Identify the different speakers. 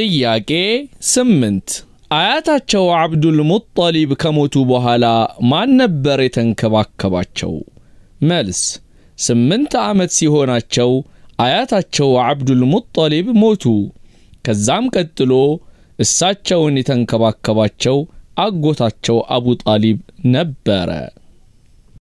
Speaker 1: ጥያቄ ስምንት አያታቸው አብዱል ሙጠሊብ ከሞቱ በኋላ ማን ነበር የተንከባከባቸው? መልስ ስምንት ዓመት ሲሆናቸው አያታቸው አብዱል ሙጠሊብ ሞቱ። ከዛም ቀጥሎ እሳቸውን የተንከባከባቸው አጎታቸው አቡ ጣሊብ ነበረ።